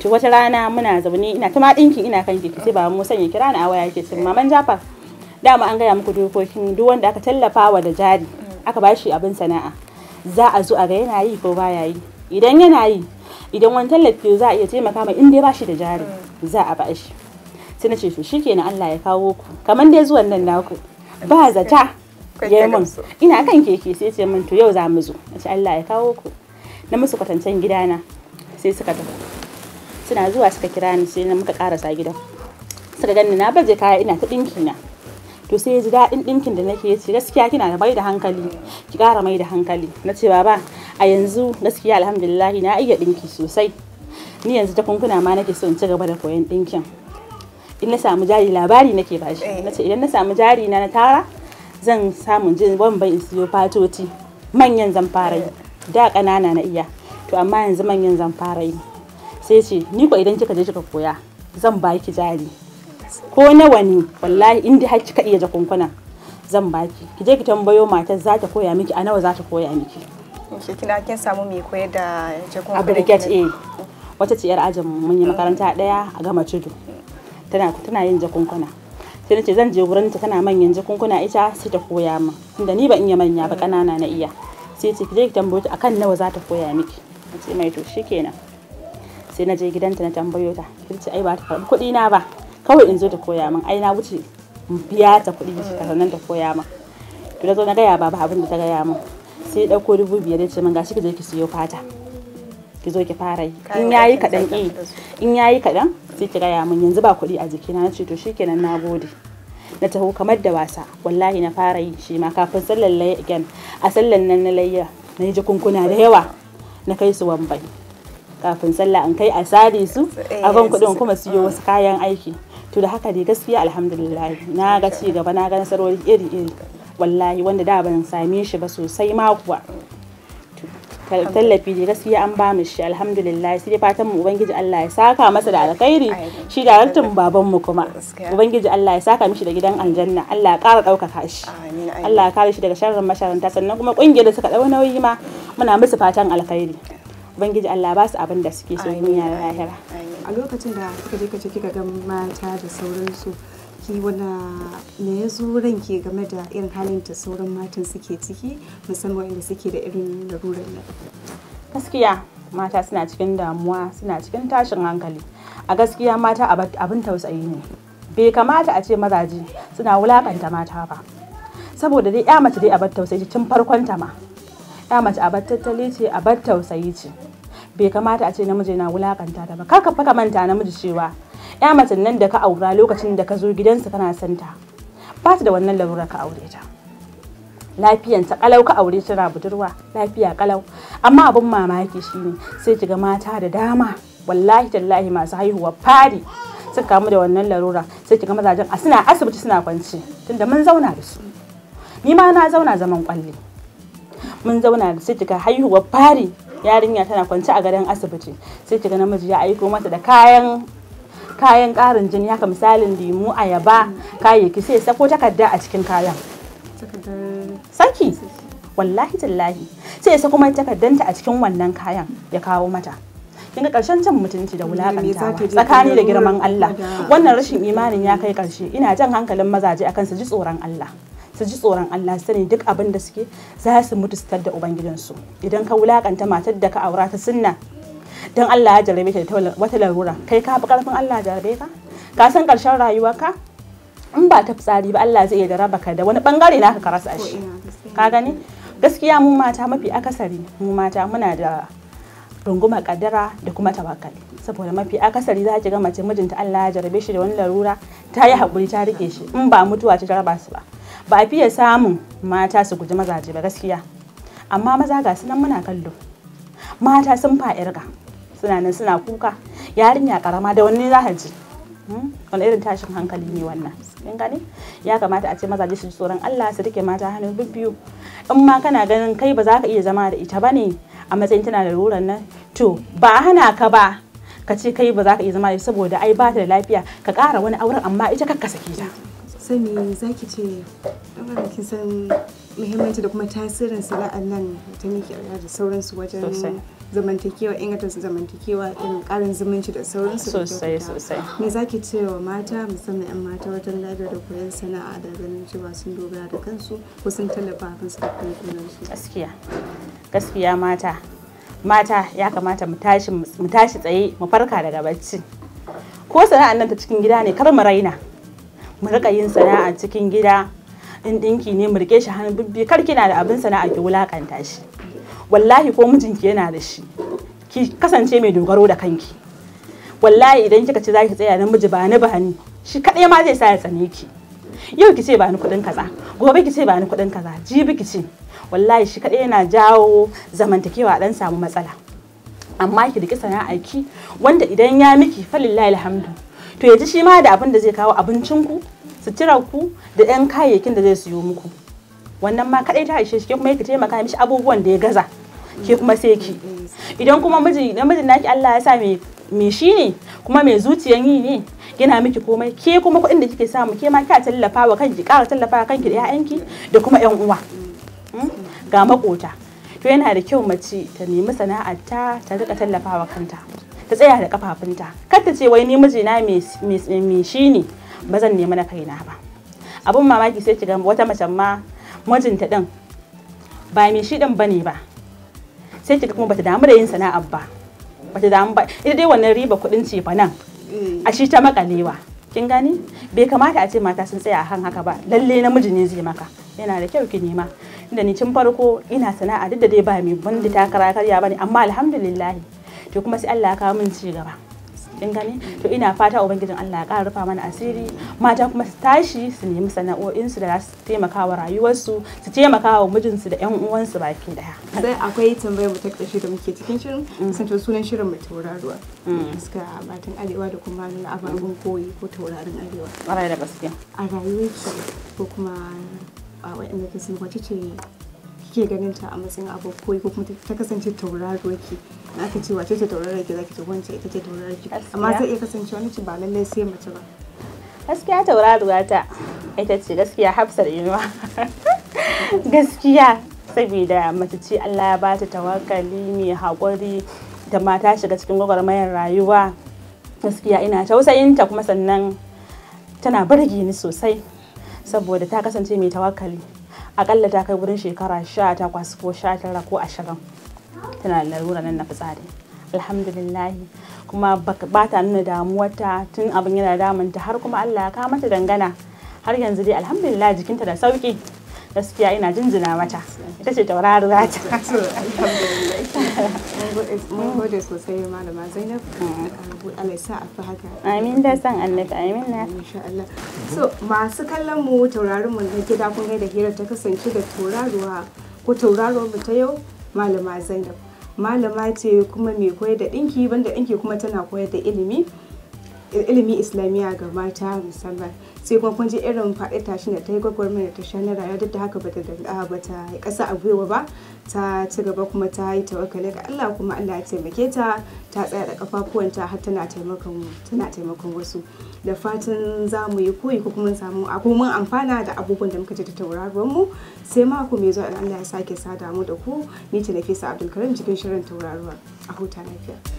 to wata rana muna zaune ina ta ma ina kan keke sai ba mu sanya kira na waya yake cin maman jafa dama an gaya muku dokokin duk wanda aka tallafa wa da jari aka bashi abin sana'a za a zo a ga yana yi ko baya yi idan yana yi idan wani tallafi za a iya taimaka ma inda ya bashi da jari za a bashi sai na ce to shikenan Allah ya kawo ku kamar dai zuwan nan naku ba zata ya mun ina kan keke sai ce mun to yau za mu zo aci Allah ya kawo ku na musu kwatancen gidana sai suka tafi suna zuwa suka kira ni sai muka karasa gidan suka gani na baje kaya ina ta dinki na to sai ya ji daɗin ɗinkin da nake ci gaskiya kina da mai da hankali ki ƙara mai da hankali na ce baba a yanzu gaskiya alhamdulillah na iya ɗinki sosai ni yanzu ta kunkuna ma nake so in ci gaba da koyon ɗinkin in na samu jari labari nake bashi na ce idan na samu jari na na tara zan samu jin bai in siyo fatoti manyan zan fara yi da ƙanana na iya to amma yanzu manyan zan fara yi sai ce ni ko idan kika je kika koya zan baki jari ko nawa ne wallahi inda har kika iya jakunkuna zan baki ki je ki tambayo matar za ta koya miki a nawa za ta koya miki shi kina kin samu mai koyar da jakunkuna a brigade a wata ce yar ajin mun yi makaranta daya a gama tudu tana tana yin jakunkuna sai nace zan je gurin ta tana manyan jakunkuna ita sai ta koya min tunda ni ba in yi manya ba kanana na iya sai ce ki je ki tambayo ta akan nawa za ta koya miki sai mai to shikenan sai na je gidanta na tambayo ta ai ba ta karbi kuɗi na ba kawai in zo ta koya min ai na wuce biya ta kuɗi ta nan ta koya min to na zo na gaya baba abin da ta gaya min sai ɗauko dubu biyar ce min gashi ki je ki siyo fata ki zo ki fara yi in yayi kaɗan eh. in in yayi kaɗan sai ki gaya min yanzu ba kuɗi a jikina na ce to shikenan na gode na taho kamar da wasa wallahi na fara yi shi ma kafin sallan layya a sallan nan na layya na yi jakunkuna da yawa na kai su wambai kafin sallah an kai a sare su eh, a ban kuɗin kuma siyo wasu kayan aiki to da haka dai gaskiya alhamdulillah na ga ci gaba na ga nasarori iri iri wallahi wanda da ban same shi ba sosai ma kuwa tallafi da gaskiya an ba mu shi alhamdulillah sai dai fatan mu ubangiji Allah ya saka masa da alkhairi shi da rantin baban mu kuma ubangiji Allah ya saka mishi da gidan aljanna Allah ya kara ɗaukaka shi Allah ya kare shi daga sharrin masharanta sannan kuma ƙungiyar da suka ɗau nauyi ma muna musu fatan alkhairi ubangiji Allah ba su abin da suke so duniya da lahira a lokacin da kika je kace kika ga mata da sauransu ki wani me ya zo ranki game da irin halin da sauran matan suke ciki musamman inda suke da irin larurar nan gaskiya mata suna cikin damuwa suna cikin tashin hankali a gaskiya mata abin tausayi ne bai kamata a ce mazaje suna wulakanta mata ba saboda dai ya mace dai abar tausayi tun farkon ta ma ya mace abar tattali ce abar tausayi ce bai kamata a ce namiji na wulakanta ta ba kar ka faka manta namiji cewa ya mace nan da ka aura lokacin da ka zo gidansa kana santa. ta ba ta da wannan larura ka aure ta lafiyan ta kalau ka aure tana budurwa lafiya kalau amma abin mamaki shine sai kiga mata da dama wallahi tallahi masu haihuwa fari sun kamu da wannan larura sai kiga mazajen a suna asibiti suna kwance tunda mun zauna da su ni ma na zauna zaman kwalli mun zauna da sai kiga haihuwa fari yarinya tana kwance a gadon asibiti sai kiga namiji ya aiko mata da kayan kayan karin jini haka misalin lemu ayaba kayayyaki sai sako takarda a cikin kayan saki wallahi tallahi sai ya sako mai takardanta a cikin wannan kayan ya kawo mata kin ga karshen cin mutunci da wulakantawa tsakani da girman Allah wannan rashin imanin ya kai karshe ina jan hankalin mazaje akan su ji tsoron Allah su ji tsoron Allah sani duk abin da suke za su mutu su da ubangijinsu idan ka wulakanta matar da ka aura ta sunna don Allah ya jarabe ta da wata larura kai ka fi karfin Allah jarabe ka ka san karshen ka in ba ta fitsari ba Allah zai iya jaraba ka da wani bangare naka ka rasa shi ka gani gaskiya mu mata mafi akasari mu mata muna da runguma kaddara da kuma tawakkali saboda mafi akasari za ki ga mace mijinta Allah ya jarabe shi da wani larura ta yi hakuri ta rike shi in ba mutuwa ta jaraba su ba ba a fiye samun mata su guji mazaje ba gaskiya amma maza ga su nan muna kallo mata sun fa'irga suna nan suna kuka yarinya karama da wani za ji hmm? wani irin tashin hankali ne wannan kin gani ya kamata a ce mazaje su ji tsoron Allah su rike mata hannu bibbiyu in ma kana ganin kai ba za ka iya zama da ita bane a matsayin tana da ruran nan to ba hana ka ba ka ce kai ba za ka iya zama da saboda ai ba ta da lafiya ka ƙara wani auren amma ita kakka sake ta sani za ki ce ɗan kin san muhimmanci da kuma tasirin sana'ar nan ta miki da sauransu wajen zamantakewa inganta zamantakewa in karin zumunci da sauransu sosai sosai me za ki ce wa mata musamman 'yan mata wajen lafiya da koyon sana'a da ganin cewa sun dogara da kansu ko sun tallafa kansu da kansu gaskiya gaskiya mata mata ya kamata mu tashi tsaye mu farka daga bacci ko sana'an nan ta cikin gida ne kar mu raina mu rika yin sana'a cikin gida in dinki ne mu rike shi hannu bibbi kar kina da abin sana'a ki wulakanta shi wallahi ko mijinki yana da shi ki kasance mai dogaro da kanki wallahi idan kika ci zaki tsaya namiji ba ni ba ni shi kadai ma zai sa ya tsane ki yau ki ce ba ni kuɗin kaza gobe ki ce ba ni kuɗin kaza jibi ki ce wallahi shi kadai yana jawo zamantakewa dan samu matsala amma ki riki sana'a ki wanda idan ya miki falillahi alhamdu to ya ji shi ma da abin da zai kawo abincin su suturar ku da 'yan kayayyakin da zai siyo muku wannan ma kadai ta aishe shi kuma yake taimaka mishi abubuwan da ya gaza ke kuma sai ki idan kuma miji namijin naki Allah ya sa me me shi ne kuma me zuciyan yi ne yana miki komai ke kuma kuɗin da kike samu ke ma kika tallafa wa kanki ƙara tallafa wa kanki da 'ya'yanki da kuma 'yan uwa hmm? ga makota to yana da kyau mace ta nemi ta ta rika tallafa wa kanta ta tsaya da kafafunta kar ta ce wai ni mijina mai shi ne ba zan nemi na kaina ba abun mamaki sai kiga wata mace ma mijinta din ba mai shi din bane ba sai kiga kuma bata damu da yin sana'ar ba bata damu ba ita dai wannan riba kudin ce fa nan mm. a shi ta makalewa kin gani bai kamata a ce mata sun tsaya kan haka ba lalle namiji ne zai maka yana da kyau ki nema da ni cin farko ina sana'a duk da dai ba mai bandi takara karya bane amma alhamdulillah to kuma sai Allah ya kawo min ci gaba kin gane to ina fata ubangijin Allah ya ƙara rufa mana asiri mata kuma su tashi su nemi sana'o'insu da za su taimaka wa rayuwarsu su taimaka wa mijinsu da yan uwansu baki daya sai akwai tambayar mu ta ƙarshe da muke cikin shirin to mm. sunan shirin mai tauraruwa mm. suka matan arewa da kuma na ababen koyi ko taurarin arewa ƙwarai da gaske a rayuwarki ko kuma a wa'in da ke sun ce kike ganin ta a matsayin abokoyi ko kuma ta kasance tauraro ke na aka ce wace ce tauraro ki zaki ce wance ita ce tauraro ke amma zai iya kasance wani ce ba lallai sai mace ba gaskiya tauraruwa ta ita ce gaskiya hafsar inuwa gaskiya saboda mace ce Allah ya ba ta tawakkali mai haƙuri da mata shiga cikin gwagwarmayar rayuwa gaskiya ina tausayinta kuma sannan tana birge ni sosai saboda ta kasance mai tawakkali akalla ta kai wurin shekara sha takwas ko sha tara ko ashirin tana da larura nan na fitsari alhamdulillahi kuma ba ta nuna damuwarta tun abin yana damunta har kuma allah ya mata dangana har yanzu dai alhamdulillah jikinta da sauki gaskiya ina jinjina mata ita ce tauraruwa ta mun gode sosai malama zainab Allah sa a fi haka amin da san annabi amin na insha Allah so masu kallon mu tauraron mu na gida kun da hira ta kasance da tauraruwa ko tauraruwa mu ta yau malama zainab malama ce kuma mai koyar da dinki banda dinki kuma tana koyar da ilimi ilimin islamiyya ga mata musamman sai kuma kun ji irin faɗi tashin da ta yi gwagwarmaya da ta sha na rayuwa duk da haka bata danga yi ƙasa a gwiwa ba ta ci gaba kuma ta yi tawakkali ga Allah kuma Allah ya taimake ta ta tsaya da kafafuwanta har tana taimakon tana taimakon wasu da fatan za mu yi koyi ko kuma samu mun amfana da abubuwan da muka ji ta tauraron mu sai mako mai zuwa Allah ya sake sada mu da ku ni ce Nafisa Abdulkarim cikin shirin tauraruwa a huta lafiya